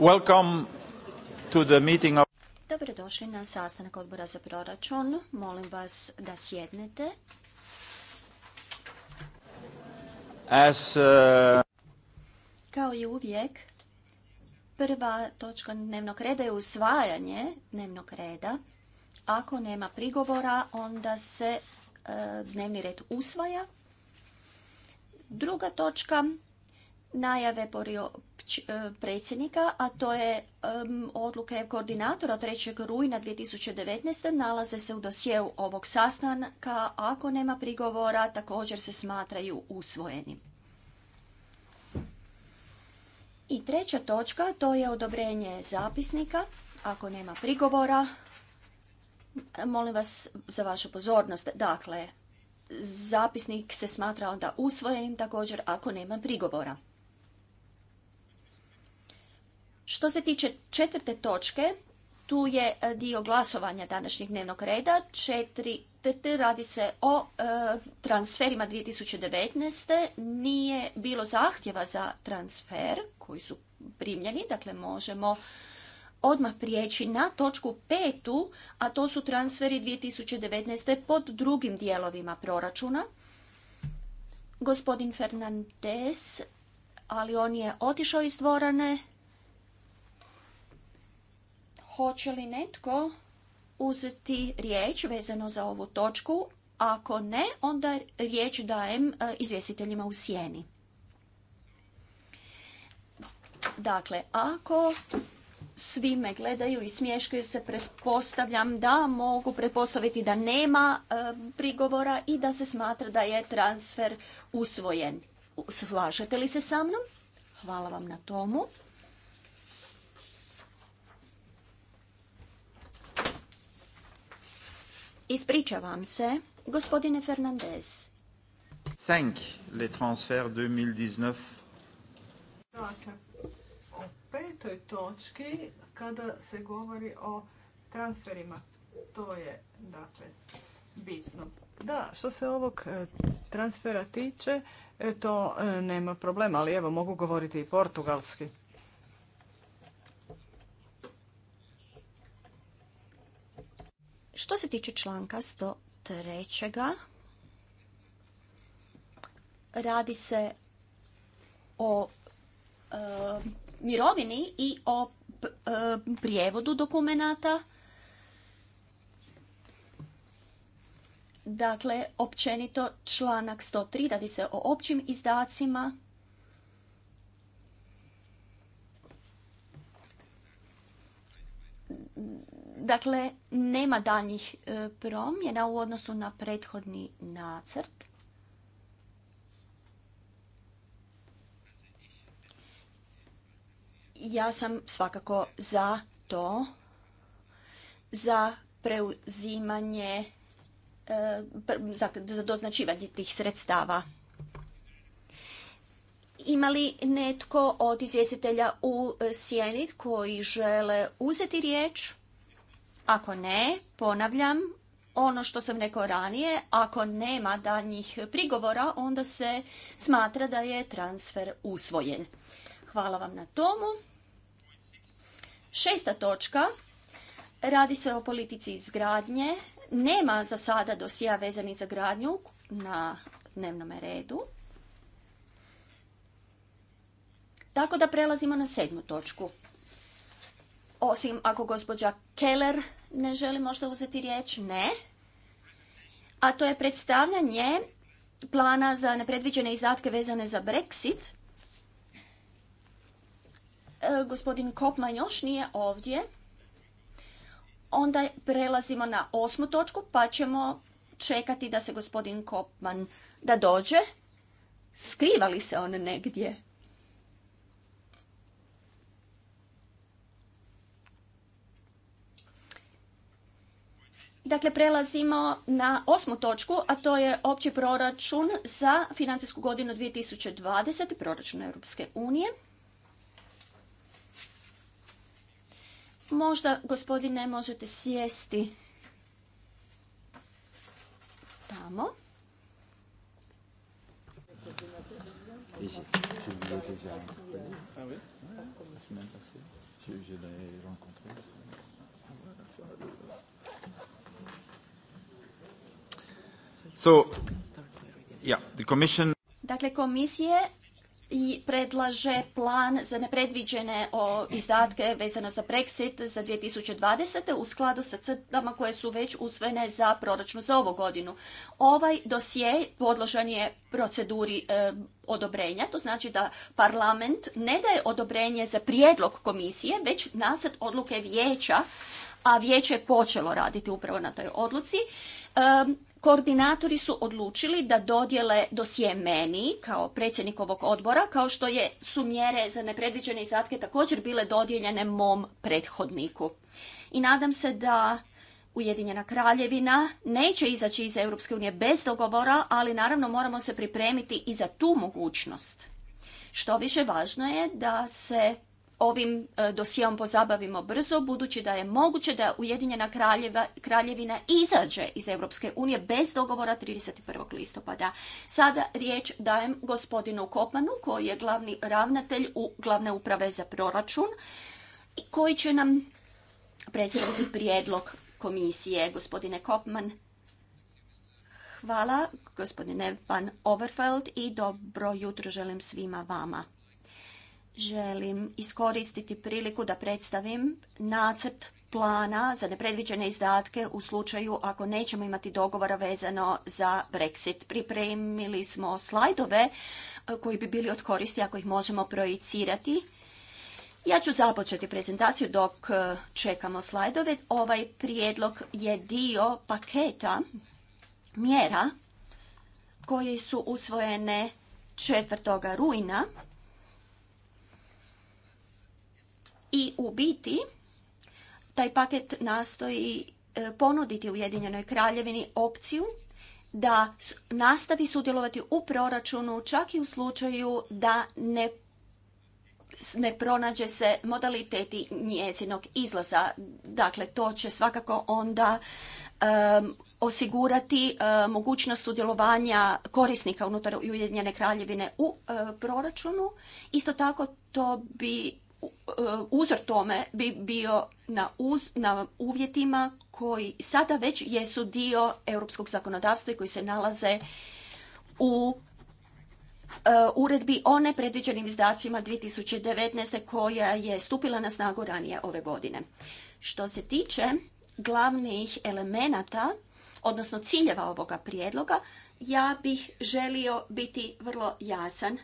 Welcome Dobrodošli na sastanak odbora za proračun. Molim vas da sjednete. Uh, Kao i uvijek, prva točka dnevnog reda je usvajanje dnevnog reda. Ako nema prigovora, onda se e, dnevni red usvaja. Druga točka najave E, predsjednika, a to je odluka odluke koordinatora 3. rujna 2019. nalaze se u dosjeu ovog sastanka. Ako nema prigovora, također se smatraju usvojenim. I treća točka, to je odobrenje zapisnika. Ako nema prigovora, molim vas za vašu pozornost. Dakle, zapisnik se smatra onda usvojenim također ako nema prigovora. Što se tiče četvrte točke, tu je e, dio glasovanja današnjeg dnevnog reda. Četiri, radi se o e, transferima 2019. Nije bilo zahtjeva za transfer koji su primljeni, dakle možemo odmah prijeći na točku petu, a to su transferi 2019. pod drugim dijelovima proračuna. Gospodin Fernandez, ali on je otišao iz dvorane, Hoće li netko uzeti riječ vezano za ovu točku? Ako ne, onda riječ dajem e, izvjestiteljima u sjeni. Dakle, ako svi me gledaju i smješkaju se, pretpostavljam da mogu pretpostaviti da nema e, prigovora i da se smatra da je transfer usvojen. Slažete li se sa mnom? Hvala vam na tomu. Ispričavam se, gospodine Fernandez. 5. Le transfer 2019. Dakle, o petoj točki kada se govori o transferima, to je dakle bitno. Da, što se ovog e, transfera tiče, e, to e, nema problema, ali evo mogu govoriti i portugalski. Što se tiče članka 103. Radi se o e, mirovini i o e, prijevodu dokumenata. Dakle, općenito članak 103 radi se o općim izdacima Dakle, nema daljnjih e, promjena u odnosu na prethodni nacrt. Ja sam svakako za to, za preuzimanje, e, za doznačivanje tih sredstava. Ima li netko od izvjestitelja u e, Sjenit koji žele uzeti riječ? Ako ne, ponavljam, ono što sam rekao ranije, ako nema danjih prigovora, onda se smatra da je transfer usvojen. Hvala vam na tomu. Šesta točka. Radi se o politici izgradnje. Nema za sada dosija vezani za gradnju na dnevnom redu. Tako da prelazimo na sedmu točku. Osim ako gospođa Keller ne želim možda uzeti riječ? Ne. A to je predstavljanje plana za nepredviđene izdatke vezane za Brexit. E, gospodin Kopman još nije ovdje. Onda prelazimo na osmu točku pa ćemo čekati da se gospodin Kopman da dođe. Skriva li se on negdje? Dakle, prelazimo na osmu točku, a to je opći proračun za financijsku godinu 2020. proračun Europske unije. Možda, gospodine, možete sjesti tamo. Ah Dakle, komisije i predlaže plan za nepredviđene izdatke vezano za Brexit za 2020. u skladu sa crtama koje su već usvojene za proračun za ovu godinu. Ovaj dosje podložan je proceduri e, odobrenja, to znači da parlament ne daje odobrenje za prijedlog komisije, već nacrt odluke vijeća a vijeće je počelo raditi upravo na toj odluci, koordinatori su odlučili da dodjele dosije meni kao predsjednik ovog odbora, kao što je, su mjere za nepredviđene izdatke također bile dodijeljene mom prethodniku. I nadam se da Ujedinjena kraljevina neće izaći iz Europske unije bez dogovora, ali naravno moramo se pripremiti i za tu mogućnost. Što više važno je da se ovim e, dosijom pozabavimo brzo, budući da je moguće da Ujedinjena kraljevina izađe iz Europske unije bez dogovora 31. listopada. Sada riječ dajem gospodinu Kopmanu, koji je glavni ravnatelj u glavne uprave za proračun, koji će nam predstaviti prijedlog komisije. Gospodine Kopman, hvala, gospodine Van Overfeld i dobro jutro želim svima vama želim iskoristiti priliku da predstavim nacrt plana za nepredviđene izdatke u slučaju ako nećemo imati dogovora vezano za Brexit. Pripremili smo slajdove e, koji bi bili od koristi ako ih možemo projicirati. Ja ću započeti prezentaciju dok e, čekamo slajdove. Ovaj prijedlog je dio paketa mjera koji su usvojene 4. rujna I u biti taj paket nastoji e, ponuditi Ujedinjenoj kraljevini opciju da nastavi sudjelovati u proračunu čak i u slučaju da ne ne pronađe se modaliteti njezinog izlaza. Dakle, to će svakako onda osigurati e, mogućnost sudjelovanja korisnika unutar Ujedinjene kraljevine u e, proračunu. Isto tako to bi E, uzor tome bi bio na, na uvjetima koji sada već jesu dio europskog zakonodavstva i koji se nalaze u e, uredbi o nepredviđenim izdacima 2019. koja je stupila na snagu ranije ove godine. Što se tiče glavnih elemenata, odnosno ciljeva ovoga prijedloga, ja bih želio biti vrlo jasan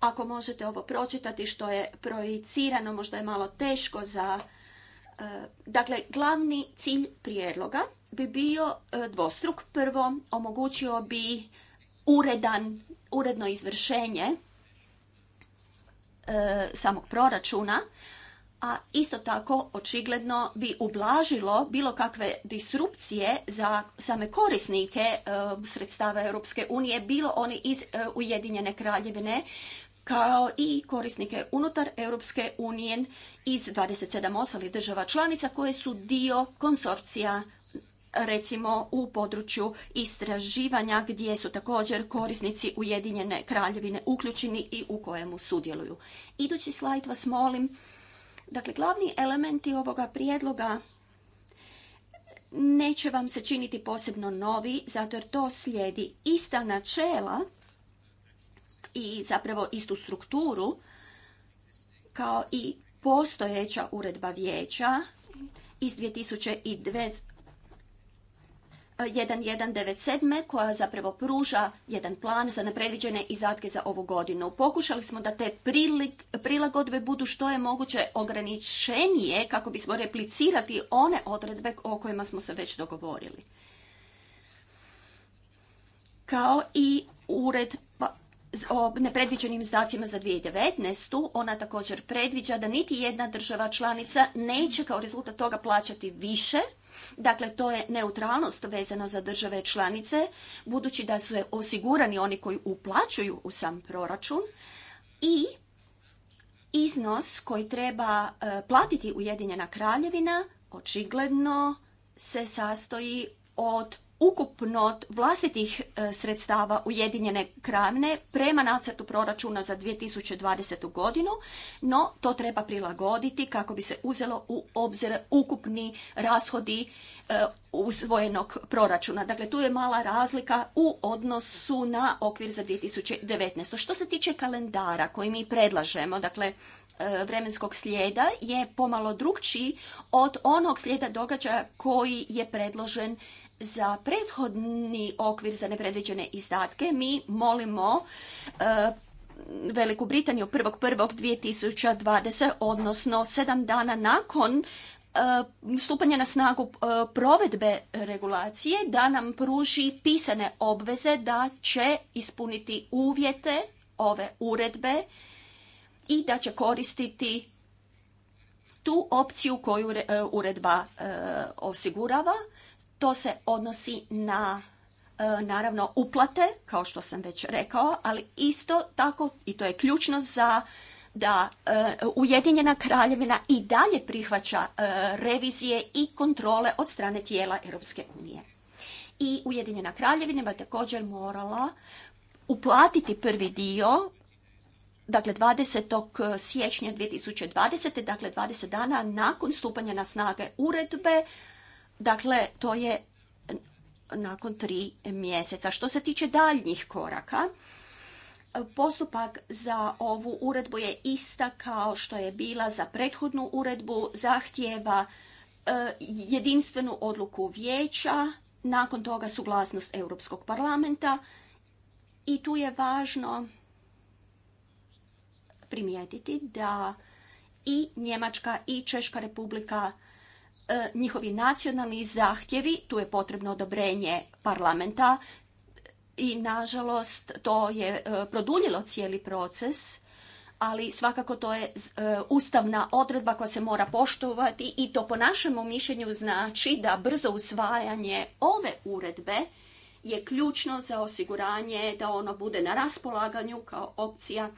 ako možete ovo pročitati što je projicirano, možda je malo teško za... E, dakle, glavni cilj prijedloga bi bio e, dvostruk. Prvo, omogućio bi uredan, uredno izvršenje e, samog proračuna, a isto tako očigledno bi ublažilo bilo kakve disrupcije za same korisnike sredstava Europske unije, bilo oni iz Ujedinjene kraljevine kao i korisnike unutar Europske unije iz 27 ostalih država članica koje su dio konsorcija recimo u području istraživanja gdje su također korisnici Ujedinjene kraljevine uključeni i u kojemu sudjeluju. Idući slajd vas molim. Dakle, glavni elementi ovoga prijedloga neće vam se činiti posebno novi, zato jer to slijedi ista načela i zapravo istu strukturu kao i postojeća uredba vijeća iz 2002 koja zapravo pruža jedan plan za nepredviđene izdatke za ovu godinu. Pokušali smo da te prilagodbe budu što je moguće ograničenije kako bismo replicirati one odredbe o kojima smo se već dogovorili. Kao i uredba o nepredviđenim izdacima za 2019. Ona također predviđa da niti jedna država članica neće kao rezultat toga plaćati više. Dakle, to je neutralnost vezano za države članice, budući da su osigurani oni koji uplaćuju u sam proračun i iznos koji treba e, platiti Ujedinjena kraljevina očigledno se sastoji od ukupno vlastitih e, sredstava Ujedinjene kravne prema nacrtu proračuna za 2020. godinu, no to treba prilagoditi kako bi se uzelo u obzir ukupni rashodi e, usvojenog proračuna. Dakle, tu je mala razlika u odnosu na okvir za 2019. Što se tiče kalendara koji mi predlažemo, dakle, E, vremenskog slijeda je pomalo drugčiji od onog slijeda događaja koji je predložen za prethodni okvir za nepredviđene izdatke. Mi molimo e, Veliku Britaniju 1.1.2020, odnosno sedam dana nakon e, stupanja na snagu provedbe regulacije da nam pruži pisane obveze da će ispuniti uvjete ove uredbe i da će koristiti tu opciju koju e, uredba e, osigurava. To se odnosi na e, naravno uplate, kao što sam već rekao, ali isto tako i to je ključno za da Ujedinjena kraljevina i dalje prihvaća revizije i kontrole od strane tijela Europske unije. I Ujedinjena kraljevina je također morala uplatiti prvi dio dakle 20. Eh, siječnja 2020. dakle 20 dana nakon stupanja na snage uredbe, dakle to je nakon tri mjeseca. Što se tiče daljnjih koraka, eh, Postupak za ovu uredbu je ista kao što je bila za prethodnu uredbu, zahtjeva eh, jedinstvenu odluku vijeća, nakon toga suglasnost Europskog parlamenta i tu je važno primijetiti da i Njemačka i Češka republika e, njihovi nacionalni zahtjevi, tu je potrebno odobrenje parlamenta i nažalost to je e, produljilo cijeli proces, ali svakako to je e, ustavna odredba koja se mora poštovati i to po našemu mišljenju znači da brzo usvajanje ove uredbe je ključno za osiguranje da ono bude na raspolaganju kao opcija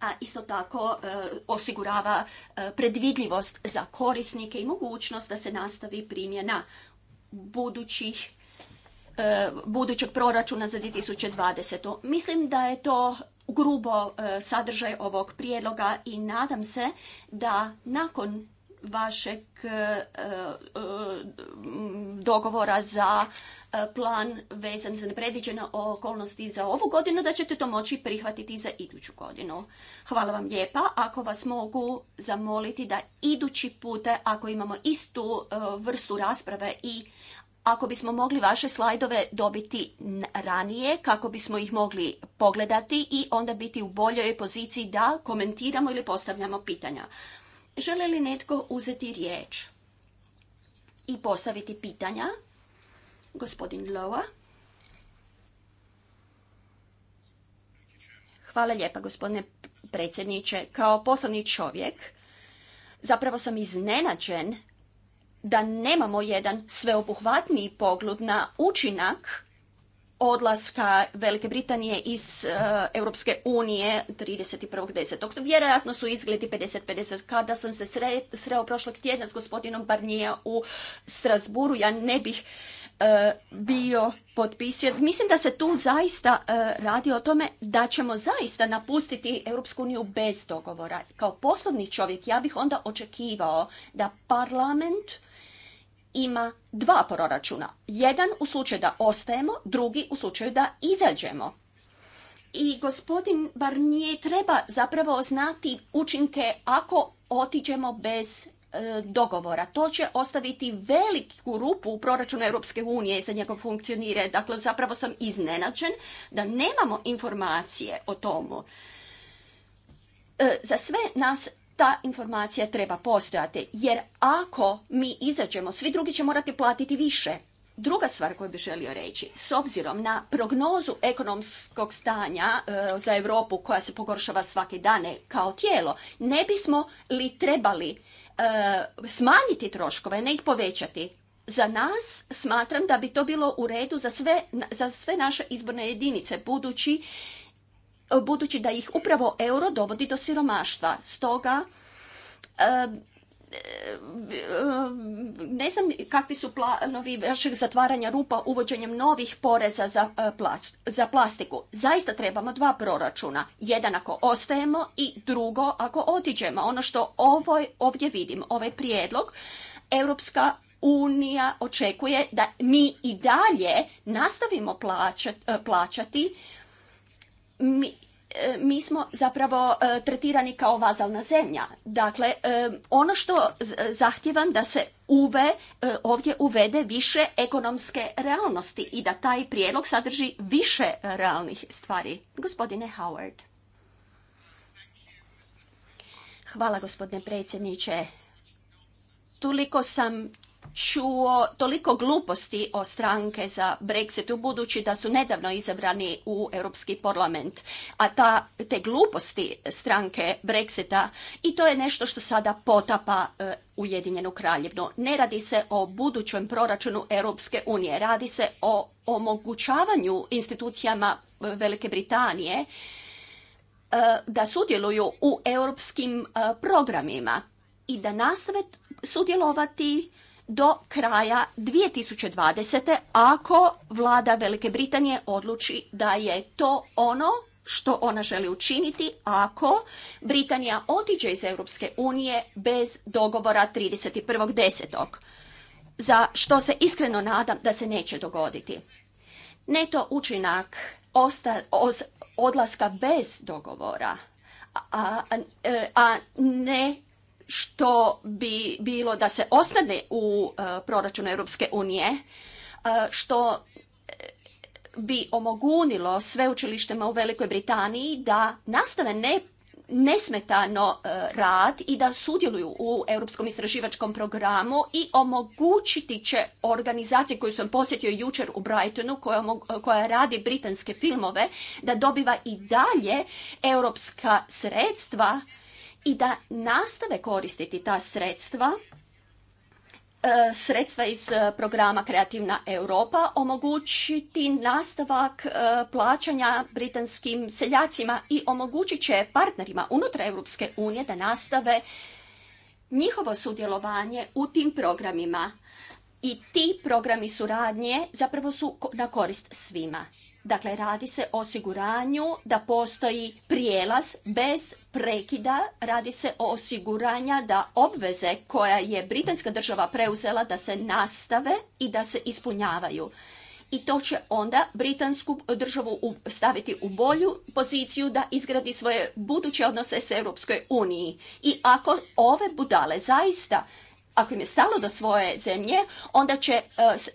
a isto tako e, osigurava e, predvidljivost za korisnike i mogućnost da se nastavi primjena budućih e, budućeg proračuna za 2020. Mislim da je to grubo sadržaj ovog prijedloga i nadam se da nakon vašeg e, e, dogovora za e, plan vezan za nepredviđene okolnosti za ovu godinu, da ćete to moći prihvatiti za iduću godinu. Hvala vam lijepa. Ako vas mogu zamoliti da idući pute, ako imamo istu vrstu rasprave i ako bismo mogli vaše slajdove dobiti ranije, kako bismo ih mogli pogledati i onda biti u boljoj poziciji da komentiramo ili postavljamo pitanja. Želi li netko uzeti riječ i postaviti pitanja? Gospodin Lowa. Hvala lijepa, gospodine predsjedniče. Kao poslovni čovjek zapravo sam iznenađen da nemamo jedan sveobuhvatniji pogled na učinak odlaska Velike Britanije iz e, Europske unije 31.10. Vjerojatno su izgledi 50-50. Kada sam se sreo prošlog tjedna s gospodinom Barnija u Strasburu, ja ne bih e, bio potpisio. Mislim da se tu zaista e, radi o tome da ćemo zaista napustiti Europsku uniju bez dogovora. Kao poslovni čovjek ja bih onda očekivao da parlament ima dva proračuna. Jedan u slučaju da ostajemo, drugi u slučaju da izađemo. I gospodin nije treba zapravo znati učinke ako otiđemo bez e, dogovora. To će ostaviti veliku rupu u proračunu Europske unije za njegov funkcionire. Dakle, zapravo sam iznenađen da nemamo informacije o tomu. E, za sve nas ta informacija treba postojati. Jer ako mi izađemo, svi drugi će morati platiti više. Druga stvar koju bih želio reći, s obzirom na prognozu ekonomskog stanja e, za Europu koja se pogoršava svake dane kao tijelo, ne bismo li trebali e, smanjiti troškove, ne ih povećati. Za nas smatram da bi to bilo u redu za sve, za sve naše izborne jedinice, budući E, budući da ih upravo euro dovodi do siromaštva. Stoga, e, e, ne znam kakvi su planovi vašeg zatvaranja rupa uvođenjem novih poreza za, plastiku. Zaista trebamo dva proračuna. Jedan ako ostajemo i drugo ako otiđemo. Ono što ovdje vidim, ovaj prijedlog, Europska unija očekuje da mi i dalje nastavimo plaćati mi, e, mi smo zapravo e, tretirani kao vazalna zemlja. Dakle, e, ono što zahtjevam da se uve, ovdje uvede više ekonomske realnosti i da taj prijedlog sadrži više realnih stvari. Gospodine Howard. Hvala gospodine predsjedniče. Toliko sam čuo toliko gluposti o stranke za Brexitu, budući da su nedavno izabrani u Europski parlament. A ta, te gluposti stranke Brexita i to je nešto što sada potapa e, Ujedinjenu kraljevnu. Ne radi se o budućem proračunu Europske unije, radi se o omogućavanju institucijama e, Velike Britanije e, da sudjeluju u europskim e, programima i da nastave sudjelovati do kraja 2020. ako vlada Velike Britanije odluči da je to ono što ona želi učiniti ako Britanija otiđe iz Europske unije bez dogovora 31.10. Za što se iskreno nadam da se neće dogoditi. Neto učinak osta, odlaska bez dogovora, a, a, a ne što bi bilo da se ostane u e, proračunu Europske unije, e, što e, bi omogunilo sveučilištima u Velikoj Britaniji da nastave ne nesmetano rad i da sudjeluju u europskom istraživačkom programu i omogućiti će organizacije koju sam posjetio jučer u Brightonu koja, koja radi britanske filmove da dobiva i dalje europska sredstva i da nastave koristiti ta sredstva e, sredstva iz e, programa Kreativna Europa omogućiti nastavak e, plaćanja britanskim seljacima i omogućit će partnerima unutar Europske unije da nastave njihovo sudjelovanje u tim programima i ti programi suradnje zapravo su na korist svima. Dakle, radi se o osiguranju da postoji prijelaz bez prekida, radi se o osiguranja da obveze koja je britanska država preuzela da se nastave i da se ispunjavaju. I to će onda britansku državu staviti u bolju poziciju da izgradi svoje buduće odnose s Europskoj uniji. I ako ove budale zaista ako im je stalo do svoje zemlje, onda će e,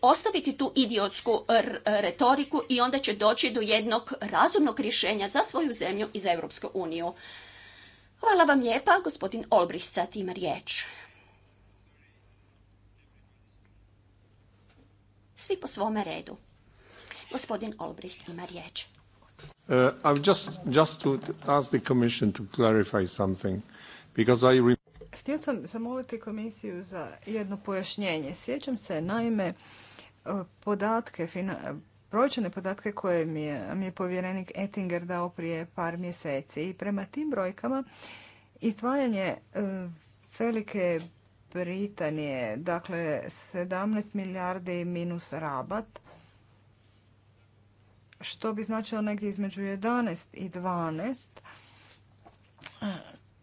ostaviti tu idiotsku e, retoriku i onda će doći do jednog razumnog rješenja za svoju zemlju i za Europsku uniju. Hvala vam lijepa, gospodin Olbrich sad ima riječ. Svi po svome redu. Gospodin Olbrich ima riječ. Uh, just, just to ask the Commission to clarify something, because I Htio sam zamoliti komisiju za jedno pojašnjenje. Sjećam se naime podatke, brojčane podatke koje mi je, mi povjerenik Ettinger dao prije par mjeseci. I prema tim brojkama izdvajanje e, Velike Britanije, dakle 17 milijardi minus rabat, što bi značilo negdje između 11 i 12,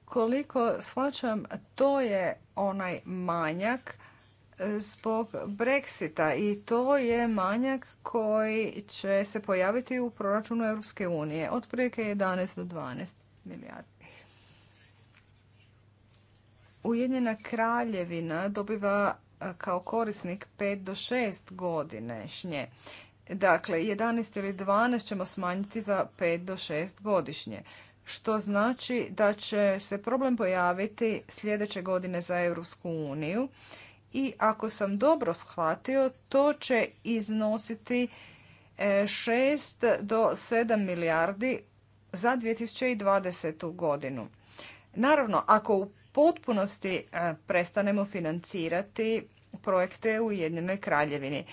koliko shvaćam, to je onaj manjak e, zbog Brexita i to je manjak koji će se pojaviti u proračunu Europske unije, otprilike 11 do 12 milijardi. Ujedinjena kraljevina dobiva e, kao korisnik 5 do 6 godišnje. Dakle, 11 ili 12 ćemo smanjiti za 5 do 6 godišnje što znači da će se problem pojaviti sljedeće godine za Europsku uniju i ako sam dobro shvatio to će iznositi 6 e, do 7 milijardi za 2020. godinu. Naravno, ako u potpunosti e, prestanemo financirati projekte u Ujedinjenoj kraljevini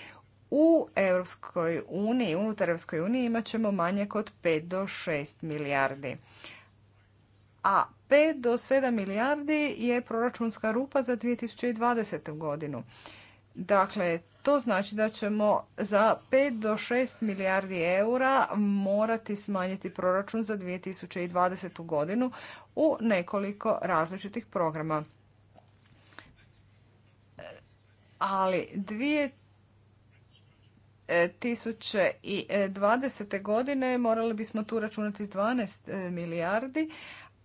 u Europskoj uniji, unutar Europskoj uniji imat ćemo manje kod 5 do 6 milijardi. A 5 do 7 milijardi je proračunska rupa za 2020. godinu. Dakle, to znači da ćemo za 5 do 6 milijardi eura morati smanjiti proračun za 2020. godinu u nekoliko različitih programa. Ali 2020. godine morali bismo tu računati 12 e, milijardi,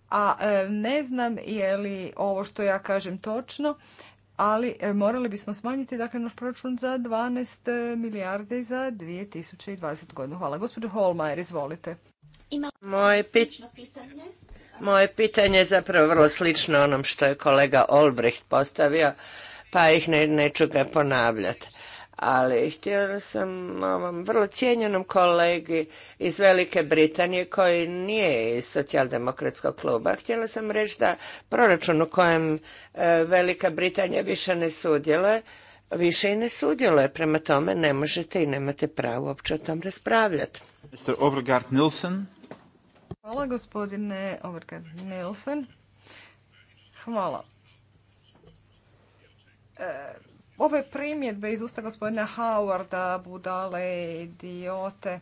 a e, ne znam je li ovo što ja kažem točno, ali e, morali bismo smanjiti dakle, naš proračun za 12 milijardi za 2020 godinu. Hvala. Gospođo Holmajer, izvolite. Moje pitanje. Moje pitanje je zapravo vrlo slično onom što je kolega Olbrecht postavio, pa ih ne, neću ga ponavljati ali htjela sam ovom vrlo cijenjenom kolegi iz Velike Britanije koji nije iz socijaldemokratskog kluba, htjela sam reći da proračun u kojem e, Velika Britanija više ne sudjeluje, više i ne sudjeluje, prema tome ne možete i nemate pravo uopće o tom raspravljati. Mr. Nilsen. Hvala gospodine Overgaard Nilsen. Hvala. E, ove primjedbe iz usta gospodina Howarda, budale, idiote,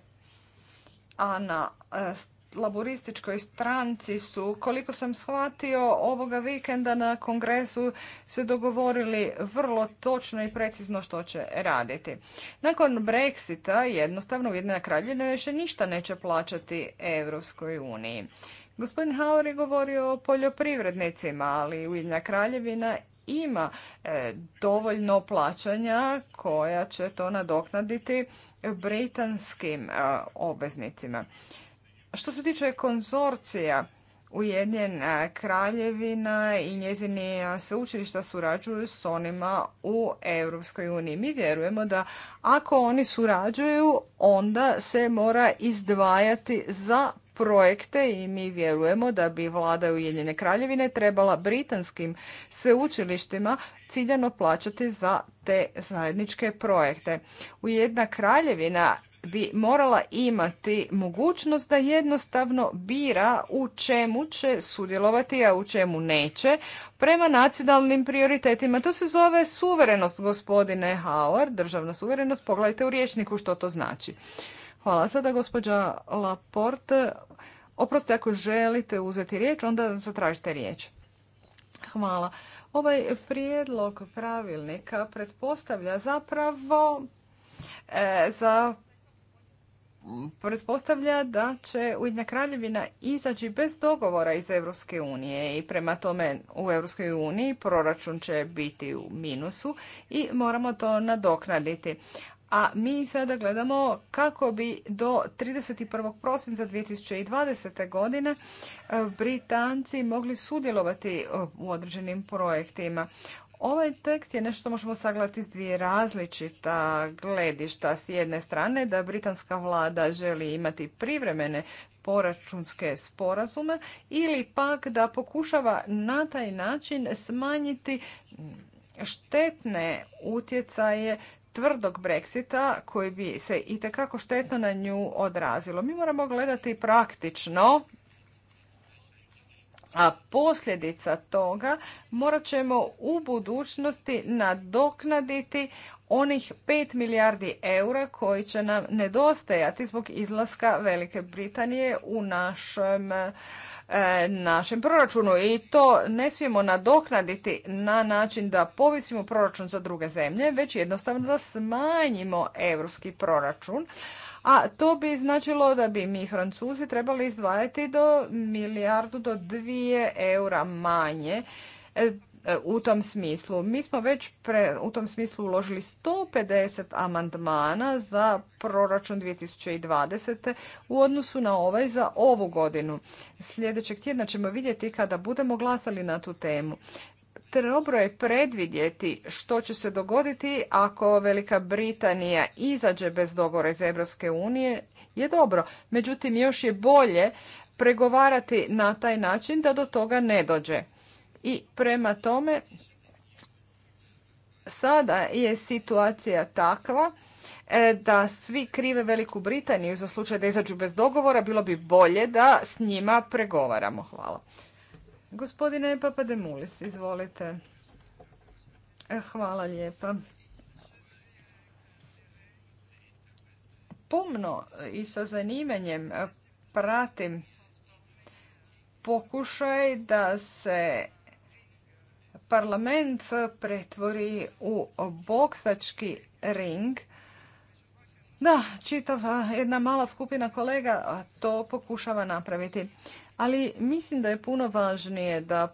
a na e, laborističkoj stranci su, koliko sam shvatio, ovoga vikenda na kongresu se dogovorili vrlo točno i precizno što će raditi. Nakon Brexita jednostavno Ujedinjena kraljevina više ništa neće plaćati Europskoj uniji. Gospodin Howard je govorio o poljoprivrednicima, ali Ujedinjena kraljevina ima e, dovoljno plaćanja koja će to nadoknaditi britanskim e, obveznicima. Što se tiče konzorcija, Ujedinjena kraljevina i njezini sveučilišta surađuju s onima u Europskoj uniji. Mi vjerujemo da ako oni surađuju, onda se mora izdvajati za projekte i mi vjerujemo da bi vlada Ujedinjene kraljevine trebala britanskim sveučilištima ciljano plaćati za te zajedničke projekte. Ujedna kraljevina bi morala imati mogućnost da jednostavno bira u čemu će sudjelovati, a u čemu neće, prema nacionalnim prioritetima. To se zove suverenost, gospodine Howard, državna suverenost. Pogledajte u riječniku što to znači. Hvala. Sada gospođa Laporte, oprostite ako želite uzeti riječ, onda zatražite riječ. Hvala. Ovaj prijedlog pravilnika pretpostavlja zapravo e, za pretpostavlja da će Ujedna Kraljevina izaći bez dogovora iz Europske unije i prema tome u Europskoj uniji proračun će biti u minusu i moramo to nadoknaditi. A mi sada gledamo kako bi do 31. prosinca 2020. godine e, Britanci mogli sudjelovati e, u određenim projektima. Ovaj tekst je nešto možemo sagledati s dvije različita gledišta. S jedne strane da britanska vlada želi imati privremene poračunske sporazume ili pak da pokušava na taj način smanjiti štetne utjecaje tvrdog Brexita koji bi se i tekako štetno na nju odrazilo. Mi moramo gledati praktično, a posljedica toga morat ćemo u budućnosti nadoknaditi onih 5 milijardi eura koji će nam nedostajati zbog izlaska Velike Britanije u našem E, našem proračunu i to ne smijemo nadoknaditi na način da povisimo proračun za druge zemlje, već jednostavno da smanjimo europski proračun. A to bi značilo da bi mi Francuzi trebali izdvajati do milijardu do dvije eura manje e, E, u tom smislu. Mi smo već pre, u tom smislu uložili 150 amandmana za proračun 2020. u odnosu na ovaj za ovu godinu. Sljedećeg tjedna ćemo vidjeti kada budemo glasali na tu temu. Dobro je predvidjeti što će se dogoditi ako Velika Britanija izađe bez dogovora iz Europske unije je dobro. Međutim, još je bolje pregovarati na taj način da do toga ne dođe. I prema tome, sada je situacija takva e, da svi krive Veliku Britaniju za slučaj da izađu bez dogovora, bilo bi bolje da s njima pregovaramo. Hvala. Gospodine Papademulis, izvolite. E, hvala lijepa. Pomno i sa zanimanjem pratim pokušaj da se parlament pretvori u boksački ring. Da, čitava jedna mala skupina kolega to pokušava napraviti. Ali mislim da je puno važnije da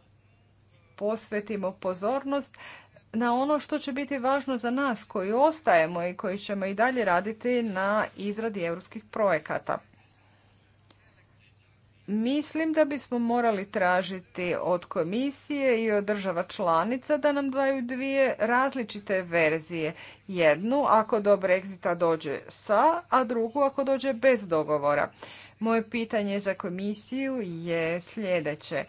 posvetimo pozornost na ono što će biti važno za nas koji ostajemo i koji ćemo i dalje raditi na izradi europskih projekata. Mislim da bismo morali tražiti od komisije i od država članica da nam daju dvije različite verzije. Jednu ako do Brexita dođe sa, a drugu ako dođe bez dogovora. Moje pitanje za komisiju je sljedeće.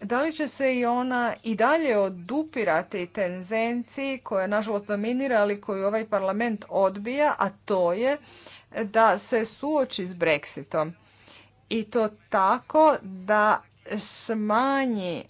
Da li će se i ona i dalje odupirati tenzenciji koja nažalost dominira, ali koju ovaj parlament odbija, a to je da se suoči s Brexitom? i to tako da smanji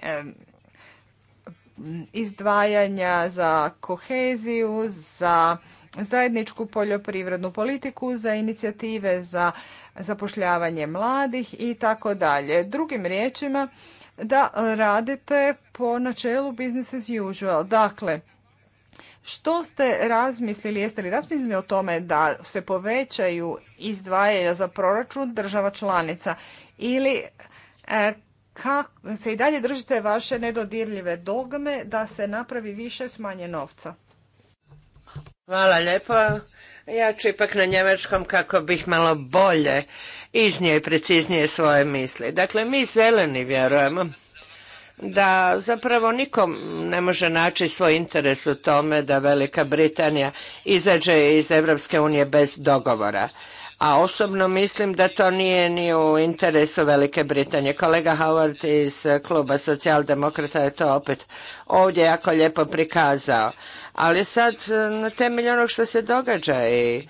izdvajanja za koheziju, za zajedničku poljoprivrednu politiku, za inicijative za zapošljavanje mladih i tako dalje. Drugim riječima da radite po načelu business as usual. Dakle, što ste razmislili, jeste li razmislili o tome da se povećaju izdvajanja za proračun država članica ili e, kako se i dalje držite vaše nedodirljive dogme da se napravi više smanje novca? Hvala lijepo. Ja ću ipak na njemačkom kako bih malo bolje iznio i preciznije svoje misli. Dakle, mi zeleni vjerujemo da zapravo nikom ne može naći svoj interes u tome da Velika Britanija izađe iz Evropske unije bez dogovora. A osobno mislim da to nije ni u interesu Velike Britanije. Kolega Howard iz kluba socijaldemokrata je to opet ovdje jako lijepo prikazao. Ali sad na temelju onog što se događa i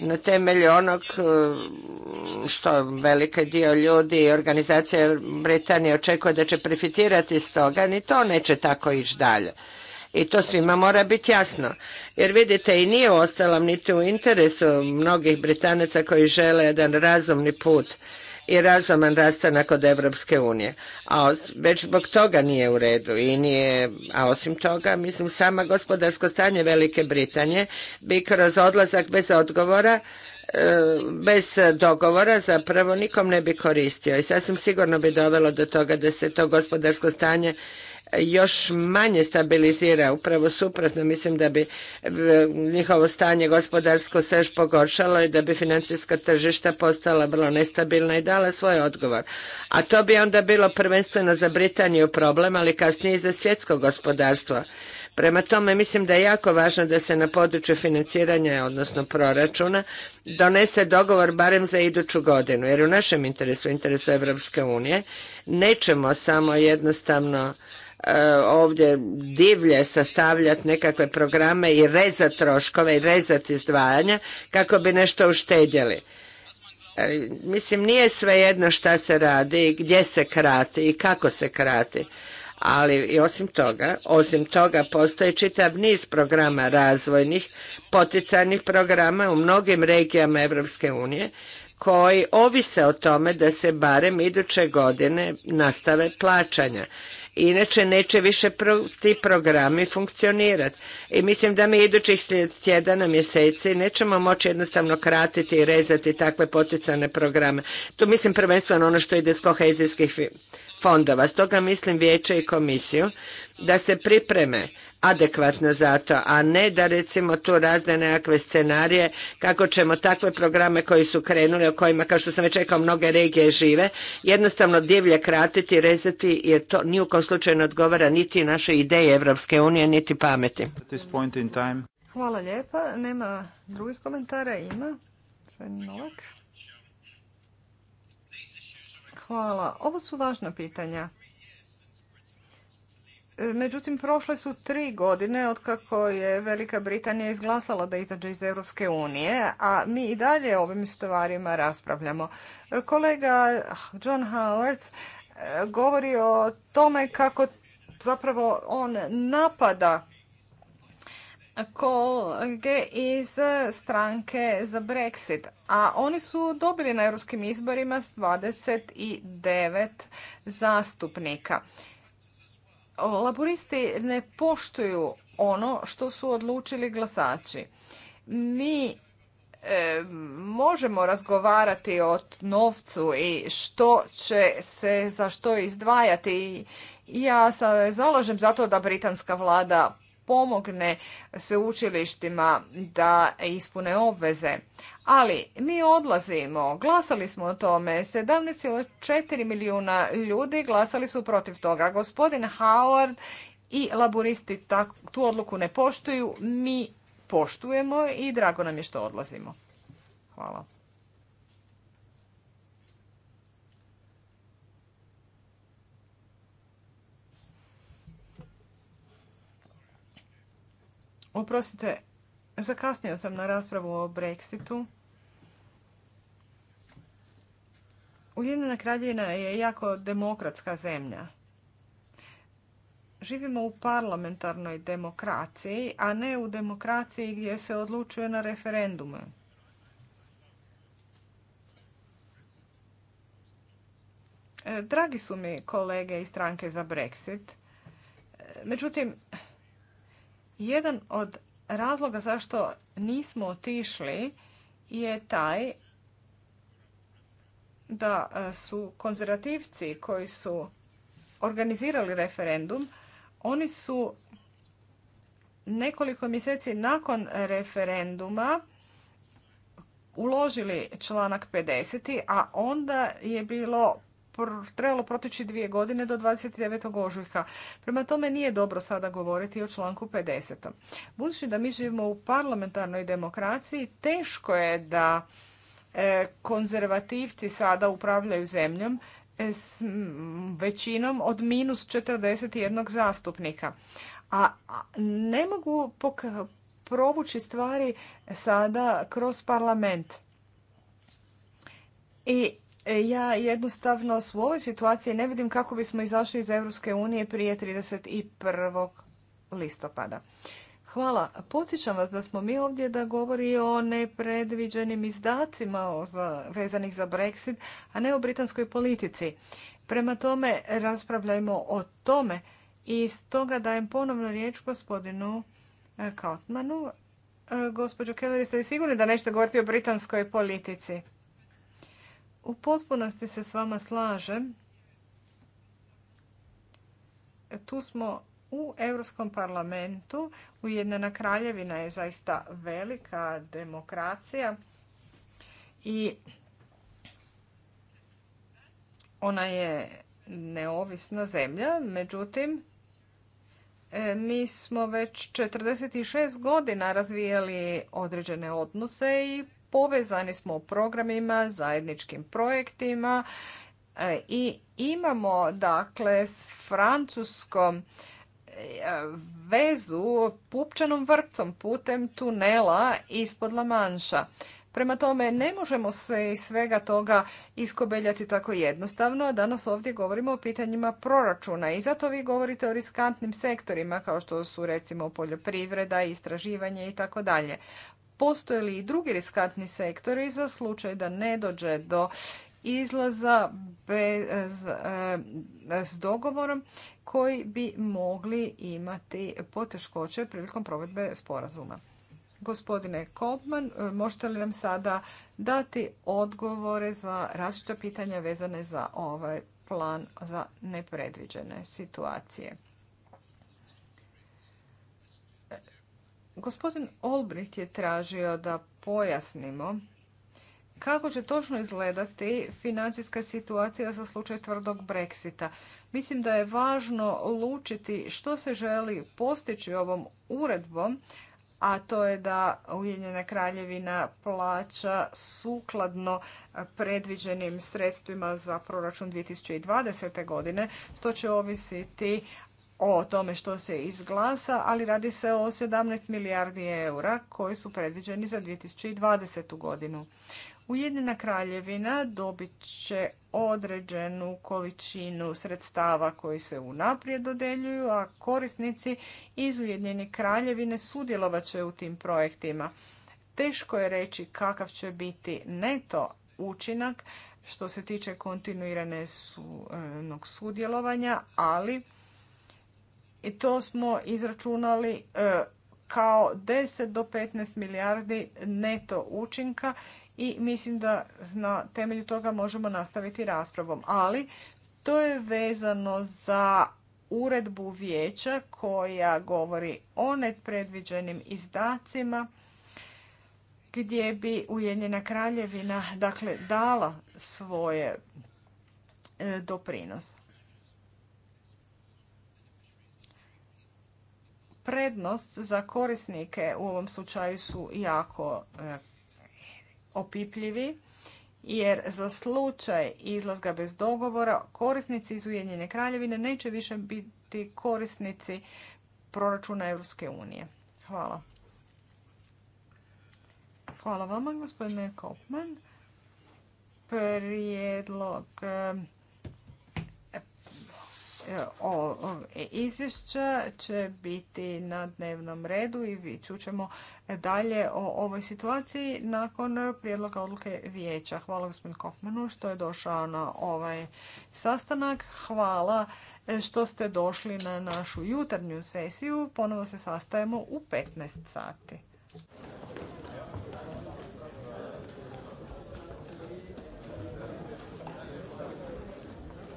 na temelju onog e, što veliki dio ljudi i organizacija Britanije očekuje da će profitirati iz toga, ni to neće tako ići dalje. I to svima mora biti jasno. Jer vidite, i nije ostalo niti u interesu mnogih Britanaca koji žele jedan razumni put i razuman rastanak od Evropske unije. A već zbog toga nije u redu i nije, a osim toga, mislim, sama gospodarsko stanje Velike Britanije bi kroz odlazak bez odgovora e, bez dogovora zapravo nikom ne bi koristio i sasvim sigurno bi dovelo do toga da se to gospodarsko stanje još manje stabilizira, upravo suprotno, mislim da bi e, njihovo stanje gospodarsko se još pogoršalo i da bi financijska tržišta postala vrlo nestabilna i dala svoj odgovor. A to bi onda bilo prvenstveno za Britaniju problem, ali kasnije i za svjetsko gospodarstvo. Prema tome mislim da je jako važno da se na području financiranja, odnosno proračuna, donese dogovor barem za iduću godinu, jer u našem interesu, interesu Evropske unije, nećemo samo jednostavno ovdje divlje sastavljati nekakve programe i rezati troškove i rezati izdvajanja kako bi nešto uštedjeli. E, mislim, nije svejedno šta se radi i gdje se krati i kako se krati. Ali i osim toga, osim toga postoji čitav niz programa razvojnih, poticajnih programa u mnogim regijama Europske unije koji ovise o tome da se barem iduće godine nastave plaćanja. Inače neće više ti programi funkcionirati. I mislim da mi idućih tjedana mjeseci nećemo moći jednostavno kratiti i rezati takve poticane programe. Tu mislim prvenstveno ono što ide s kohezijskih fondova. Stoga mislim vijeće i komisiju da se pripreme adekvatno za to, a ne da recimo tu razne nekakve scenarije kako ćemo takve programe koji su krenuli, o kojima kao što sam već rekao mnoge regije žive, jednostavno divlje kratiti, rezati jer to ni u kom slučaju ne odgovara niti naše ideje Evropske unije, niti pameti. Hvala lijepa. Nema drugih komentara? Ima? Novak. Hvala. Ovo su važna pitanja. E, međutim, prošle su tri godine od kako je Velika Britanija izglasala da izađe iz Europske unije, a mi i dalje o ovim stvarima raspravljamo. E, kolega John Howard e, govori o tome kako zapravo on napada kolege iz e, stranke za Brexit, a oni su dobili na europskim izborima 29 zastupnika. Laboristi ne poštuju ono što su odlučili glasači. Mi e, možemo razgovarati o novcu i što će se za što izdvajati. Ja se zalažem za to da britanska vlada pomogne sveučilištima da ispune obveze. Ali mi odlazimo, glasali smo o tome, 17,4 milijuna ljudi glasali su protiv toga. Gospodin Howard i laboristi tu odluku ne poštuju, mi poštujemo i drago nam je što odlazimo. Hvala. Oprostite, zakasnio sam na raspravu o Brexitu. Ujedinjena kraljevina je jako demokratska zemlja. Živimo u parlamentarnoj demokraciji, a ne u demokraciji gdje se odlučuje na referendume. E, dragi su mi kolege iz stranke za Brexit. Međutim, jedan od razloga zašto nismo otišli je taj da e, su konzervativci koji su organizirali referendum, oni su nekoliko mjeseci nakon referenduma uložili članak 50. a onda je bilo trebalo proteći dvije godine do 29. ožujka. Prema tome nije dobro sada govoriti o članku 50. Budući da mi živimo u parlamentarnoj demokraciji, teško je da e, konzervativci sada upravljaju zemljom e, s većinom od minus 41 zastupnika. A ne mogu provući stvari sada kroz parlament. I E, ja jednostavno u ovoj situaciji ne vidim kako bismo izašli iz Europske unije prije 31. listopada. Hvala. Podsjećam vas da smo mi ovdje da govori o nepredviđenim izdacima vezanih za Brexit, a ne o britanskoj politici. Prema tome raspravljajmo o tome i stoga dajem ponovno riječ gospodinu e, Kautmanu. E, gospođo Keller, ste li sigurni da nešto govoriti o britanskoj politici? U potpunosti se s vama slažem. Tu smo u Europskom parlamentu. Ujedinjena kraljevina je zaista velika demokracija i ona je neovisna zemlja, međutim e, mi smo već 46 godina razvijali određene odnose i povezani smo u programima, zajedničkim projektima e, i imamo dakle s francuskom e, vezu pupčanom vrpcom putem tunela ispod La Manša. Prema tome, ne možemo se iz svega toga iskobeljati tako jednostavno. Danas ovdje govorimo o pitanjima proračuna i zato vi govorite o riskantnim sektorima kao što su recimo poljoprivreda, istraživanje i tako dalje postoje li i drugi riskantni sektori za slučaj da ne dođe do izlaza e, s dogovorom koji bi mogli imati poteškoće prilikom provedbe sporazuma. Gospodine Kopman, e, možete li nam sada dati odgovore za različita pitanja vezane za ovaj plan za nepredviđene situacije? Gospodin Olbricht je tražio da pojasnimo kako će točno izgledati financijska situacija za slučaj tvrdog Brexita. Mislim da je važno lučiti što se želi postići ovom uredbom, a to je da Ujedinjena kraljevina plaća sukladno predviđenim sredstvima za proračun 2020. godine, To će ovisiti o tome što se izglasa, ali radi se o 17 milijardi eura koji su predviđeni za 2020. godinu. Ujedinjena kraljevina dobit će određenu količinu sredstava koji se unaprijed dodeljuju, a korisnici iz Ujedinjene kraljevine sudjelovat će u tim projektima. Teško je reći kakav će biti neto učinak što se tiče kontinuiranog eh, sudjelovanja, ali i to smo izračunali e, kao 10 do 15 milijardi neto učinka i mislim da na temelju toga možemo nastaviti raspravom. Ali to je vezano za uredbu vijeća koja govori o nepredviđenim izdacima gdje bi Ujedinjena kraljevina dakle dala svoje e, doprinos. prednost za korisnike u ovom slučaju su jako e, opipljivi jer za slučaj izlaska bez dogovora korisnici iz Ujedinjene kraljevine neće više biti korisnici proračuna Europske unije. Hvala. Hvala vama, gospodine Kopman. Prijedlog e, izvješća će biti na dnevnom redu i čućemo dalje o ovoj situaciji nakon prijedloga odluke vijeća. Hvala gospodinu Kofmanu što je došao na ovaj sastanak. Hvala što ste došli na našu jutarnju sesiju. Ponovo se sastajemo u 15 sati.